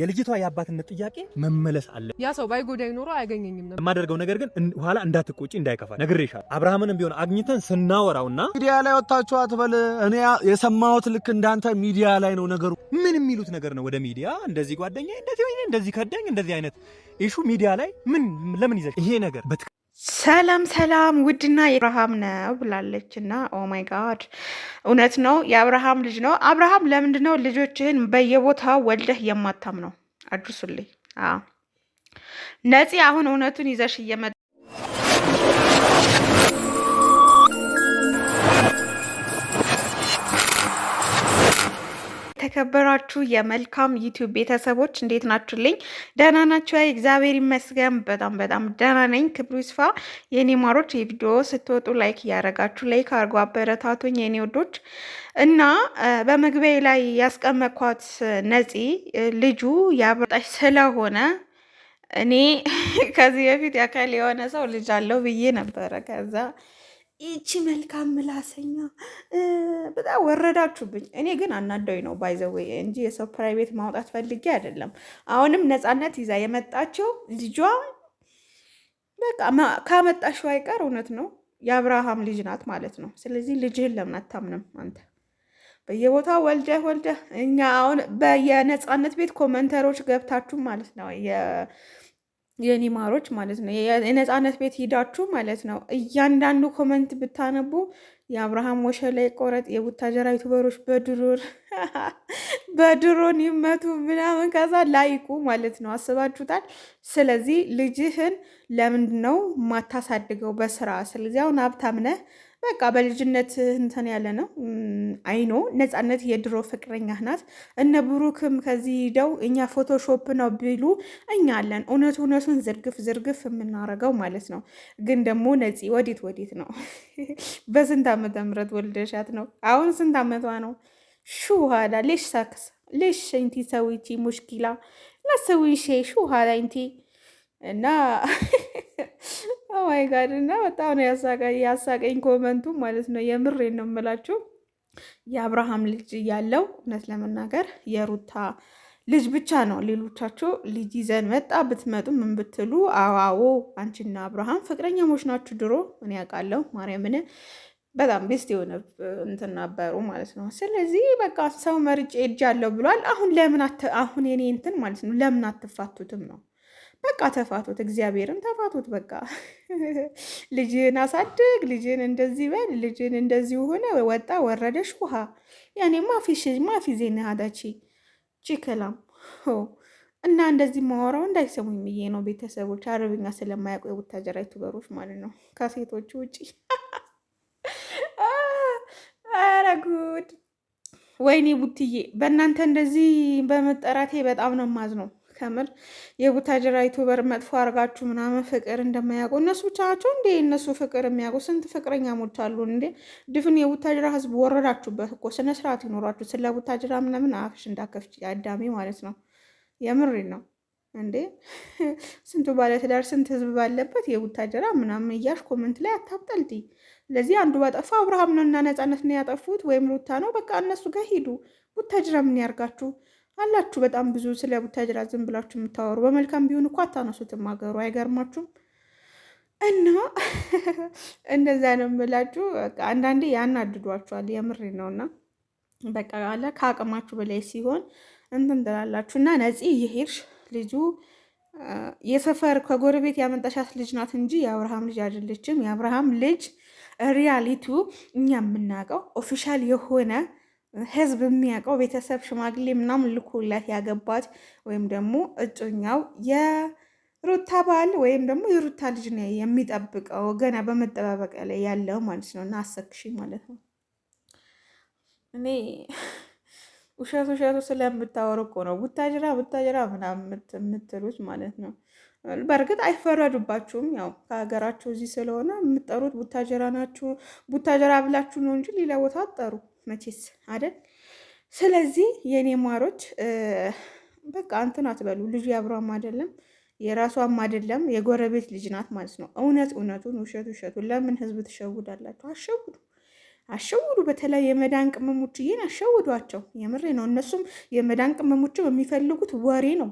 የልጅቷ የአባትነት ጥያቄ መመለስ አለ። ያ ሰው ባይጎዳኝ ኖሮ አያገኘኝም ነበር። የማደርገው ነገር ግን ኋላ እንዳትቆጪ እንዳይከፋ ነግሬሻለሁ። አብርሃምንም ቢሆን አግኝተን ስናወራውና ሚዲያ ላይ ወታችሁ አትበል። እኔ የሰማሁት ልክ እንዳንተ ሚዲያ ላይ ነው ነገሩ። ምን የሚሉት ነገር ነው? ወደ ሚዲያ እንደዚህ ጓደኛ እንደዚህ እንደዚህ ከዳኝ እንደዚህ አይነት ኢሹ ሚዲያ ላይ ምን ለምን ይዘሽ ይሄ ነገር ሰላም ሰላም ውድና የአብርሃም ነው ብላለች እና ኦማይ ጋድ እውነት ነው፣ የአብርሃም ልጅ ነው። አብርሃም ለምንድን ነው ልጆችህን በየቦታው ወልደህ የማታም ነው? አድርሱልኝ ነፂ። አሁን እውነቱን ይዘሽ እየመ የተከበራችሁ የመልካም ዩቲዩብ ቤተሰቦች እንዴት ናችሁልኝ? ደህና ናችሁ? እግዚአብሔር ይመስገን በጣም በጣም ደህና ነኝ። ክብሩ ይስፋ የኔ ማሮች። የቪዲዮ ስትወጡ ላይክ እያደረጋችሁ ላይክ አድርጎ አበረታቱኝ የኔ ወዶች። እና በመግቢያ ላይ ያስቀመኳት ነፂ ልጁ ያበጣች ስለሆነ እኔ ከዚህ በፊት ያካል የሆነ ሰው ልጅ አለው ብዬ ነበረ ከዛ ይቺ መልካም ምላሰኛ በጣም ወረዳችሁብኝ። እኔ ግን አናደዊ ነው ባይዘወይ እንጂ የሰው ፕራይቬት ማውጣት ፈልጌ አይደለም። አሁንም ነፃነት ይዛ የመጣችው ልጇ በቃ ካመጣሽው አይቀር እውነት ነው የአብርሃም ልጅ ናት ማለት ነው። ስለዚህ ልጅህን ለምን አታምንም አንተ? በየቦታው ወልደህ ወልደህ እኛ አሁን በየነፃነት ቤት ኮመንተሮች ገብታችሁ ማለት ነው የኔ ማሮች ማለት ነው። የነፃነት ቤት ሂዳችሁ ማለት ነው እያንዳንዱ ኮመንት ብታነቡ የአብርሃም ወሸላ ይቆረጥ፣ የቡታጀራ ዩቱበሮች በድሮን በድሮን ይመቱ ምናምን፣ ከዛ ላይቁ ማለት ነው። አስባችሁታል? ስለዚህ ልጅህን ለምንድን ነው ማታሳድገው በስራ? ስለዚህ አሁን ሀብታም ነህ በቃ በልጅነት እንትን ያለ ነው። አይኖ ነፃነት የድሮ ፍቅረኛ ናት። እነ ብሩክም ከዚህ ሂደው እኛ ፎቶሾፕ ነው ቢሉ እኛ አለን እውነቱ እውነቱን ዝርግፍ ዝርግፍ የምናረገው ማለት ነው። ግን ደግሞ ነፂ ወዴት ወዴት ነው? በስንት ዓመተ ምህረት ወልደሻት ነው? አሁን ስንት ዓመቷ ነው? ሹኋላ ሌሽ ሳክስ ሌሽ እንቲ ሰዊቺ ሙሽኪላ ላሰዊ ሹኋላ እንቲ እና ማይ ጋድ oh እና በጣም ነው ያሳቀኝ ኮመንቱ ማለት ነው። የምሬ ነው የምላችሁ የአብርሃም ልጅ ያለው እውነት ለመናገር የሩታ ልጅ ብቻ ነው። ሌሎቻቸው ልጅ ይዘን መጣ ብትመጡ ምን ብትሉ አዋዎ አንቺና አብርሃም ፍቅረኛሞች ናችሁ ድሮ እኔ ያውቃለሁ ማርያምን በጣም ቤስት የሆነ እንትን ነበሩ ማለት ነው። ስለዚህ በቃ ሰው መርጬ አለው ብሏል። አሁን ለምን አሁን የኔ እንትን ማለት ነው ለምን አትፋቱትም ነው በቃ ተፋቱት፣ እግዚአብሔርን ተፋቱት። በቃ ልጅን አሳድግ፣ ልጅን እንደዚህ በል፣ ልጅን እንደዚህ ሆነ፣ ወጣ ወረደሽ ውሃ ያኔ ማፊሽ ማፊ ዜና ሀዳቺ ቺከላም እና እንደዚህ ማወራው እንዳይሰሙኝ ብዬ ነው። ቤተሰቦች አረብኛ ስለማያውቁ የቡታጀራ ዩቱበሮች ማለት ነው ከሴቶቹ ውጪ። ኧረ ጉድ! ወይኔ ቡትዬ፣ በእናንተ እንደዚህ በመጠራቴ በጣም ነው ማዝ ነው። ከምር የቡታጀራ ዩቱበር መጥፎ አርጋችሁ ምናምን ፍቅር እንደማያውቁ እነሱ ብቻ ናቸው እንዴ? እነሱ ፍቅር የሚያውቁ ስንት ሞች አሉ እንዴ? ድፍን የቡታጅራ ህዝብ ወረዳችሁበት እኮ ስነ ስርዓት ይኖራችሁ። ስለ ቡታጅራ ምናምን አፍሽ እንዳከፍች አዳሜ ማለት ነው። የምሬ ነው እንዴ ስንቱ ባለትዳር ስንት ህዝብ ባለበት የቡታጀራ ምናምን እያሽ ኮመንት ላይ አታብጠልጢ። ለዚህ አንዱ ባጠፋ አብርሃም ነው እና ነፃነት ነው ያጠፉት ወይም ሩታ ነው። በቃ እነሱ ጋር ሂዱ። ቡታጀራ ምን ያርጋችሁ? አላችሁ በጣም ብዙ ስለ ቡታጅራ ዝም ብላችሁ የምታወሩ በመልካም ቢሆን እኮ አታነሱትም ሀገሩ አይገርማችሁም እና እንደዛ ነው የምላችሁ አንዳንዴ ያናድዷችኋል የምሬ ነው እና በቃ አለ ከአቅማችሁ በላይ ሲሆን እንትን ትላላችሁ እና ነፂ የሄድሽ ልጁ የሰፈር ከጎረቤት ያመጣሻት ልጅ ናት እንጂ የአብርሃም ልጅ አይደለችም የአብርሃም ልጅ ሪያሊቱ እኛ የምናውቀው ኦፊሻል የሆነ ህዝብ የሚያውቀው ቤተሰብ ሽማግሌ ምናምን ልኮላት ያገባት ወይም ደግሞ እጮኛው የሩታ ባል ወይም ደግሞ የሩታ ልጅ የሚጠብቀው ገና በመጠባበቂያ ላይ ያለው ማለት ነው። እና አሰክሽ ማለት ነው። እኔ ውሸት ውሸቱ ስለምታወሩ እኮ ነው ቡታጅራ ቡታጅራ ምናምን የምትሉት ማለት ነው። በእርግጥ አይፈረዱባችሁም። ያው ከሀገራችሁ እዚህ ስለሆነ የምትጠሩት ቡታጀራ ናችሁ ቡታጀራ ብላችሁ ነው እንጂ ሌላ ቦታ አጠሩ መቼስ አይደል? ስለዚህ የኔ ማሮች በቃ እንትን አትበሉ። ልጁ ያብሯም አይደለም የራሷም አይደለም የጎረቤት ልጅ ናት ማለት ነው። እውነት እውነቱን፣ ውሸት ውሸቱን። ለምን ህዝብ ትሸውዳላችሁ? አሸውዱ አሸውዱ። በተለይ የመዳን ቅመሞችዬን አሸውዷቸው። የምሬ ነው። እነሱም የመዳን ቅመሞችም የሚፈልጉት ወሬ ነው፣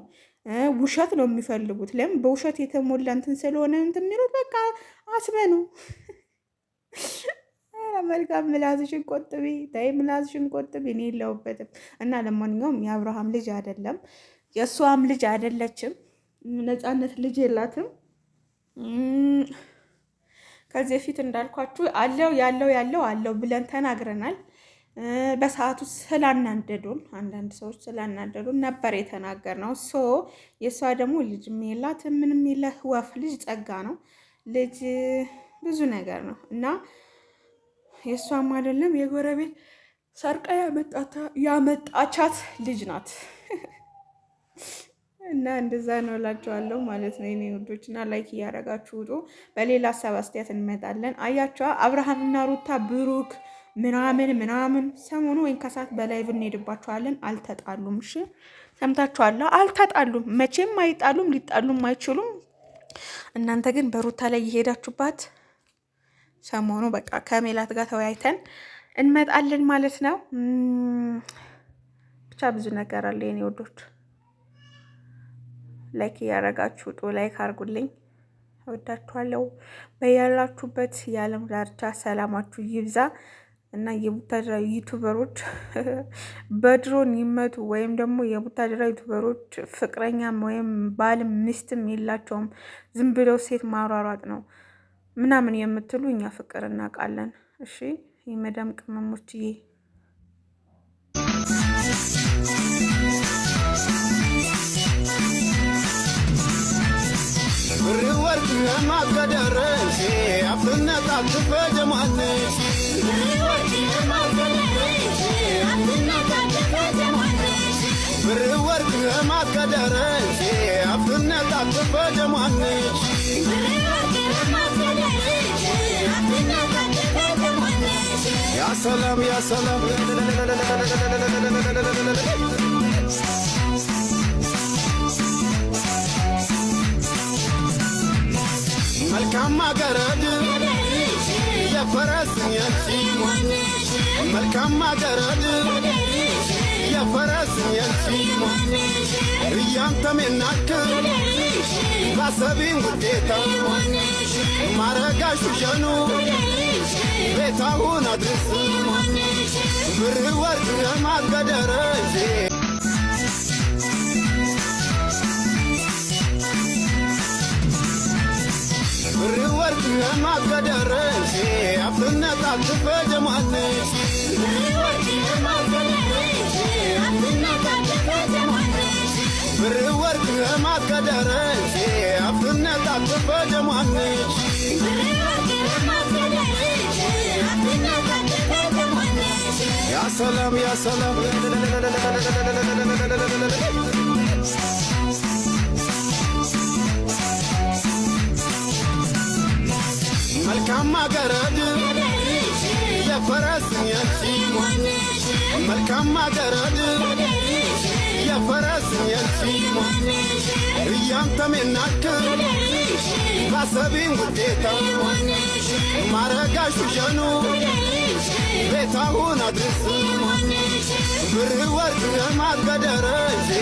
ውሸት ነው የሚፈልጉት። ለምን በውሸት የተሞላ እንትን ስለሆነ እንትን የሚሉት በቃ አስመኑ። መልካም ምላስሽን ቆጥቢ፣ ተይ ምላስሽን ቆጥቢ። እኔ የለሁበትም እና ለማንኛውም የአብርሃም ልጅ አይደለም የእሷም ልጅ አይደለችም። ነፃነት ልጅ የላትም። ከዚህ በፊት እንዳልኳችሁ አለው ያለው ያለው አለው ብለን ተናግረናል። በሰዓቱ ስላናደዱን አንዳንድ ሰዎች ስላናደዱን ነበር የተናገርነው። ሶ የእሷ ደግሞ ልጅ የላት ምንም የለ ወፍ ልጅ ጸጋ ነው ልጅ ብዙ ነገር ነው እና የእሷም አይደለም የጎረቤት ሰርቃ ያመጣቻት ልጅ ናት። እና እንደዛ ነው እላቸዋለሁ ማለት ነው የኔ ውዶች። እና ላይክ እያደረጋችሁ ውጡ። በሌላ ሀሳብ አስተያየት እንመጣለን። አያቸዋ አብርሃምና ሩታ ብሩክ ምናምን ምናምን ሰሞኑ ወይም ከሰዓት በላይ እንሄድባቸዋለን። አልተጣሉም። እሺ ሰምታችኋላ። አልተጣሉም። መቼም አይጣሉም፣ ሊጣሉም አይችሉም። እናንተ ግን በሩታ ላይ የሄዳችሁባት ሰሞኑ በቃ ከሜላት ጋር ተወያይተን እንመጣለን ማለት ነው። ብቻ ብዙ ነገር አለ የኔ ወዶች። ላይክ እያረጋችሁ ጡ ላይክ አርጉልኝ። እወዳችኋለሁ። በያላችሁበት የዓለም ዳርቻ ሰላማችሁ ይብዛ እና የቡታጅራ ዩቱበሮች በድሮን ይመቱ ወይም ደግሞ የቡታጅራ ዩቱበሮች ፍቅረኛም ወይም ባልም ሚስትም የላቸውም። ዝም ብለው ሴት ማሯሯጥ ነው። ምናምን የምትሉ እኛ ፍቅር እናውቃለን። እሺ የመዳም ቅመሞችዬ ወርቅ ማከደረ አፍነት አትፈጀማለሽ ብር ወርቅ ማከደረ አፍነት አትፈጀማለሽ ሰላም ያ ሰላም መልካም አገረድ የፈረስኘች መልካም አገረድ የፈረስየልሲሞ እያንተሜናከ ባሰቢን ጉዴታ ማረጋሹ ቤታሁን አድርስ ብር ወርቅ ለማገደረሽ ብር ወርቅ ማከደረሽ አፍነት አትፈጀሟንሽ ያሰላም ያሰላም መልካም ማገረድ የፈረስ መልካም ማገረድ ቤታሁን አድርስ ብር ወርቅ ለማትገደረሽ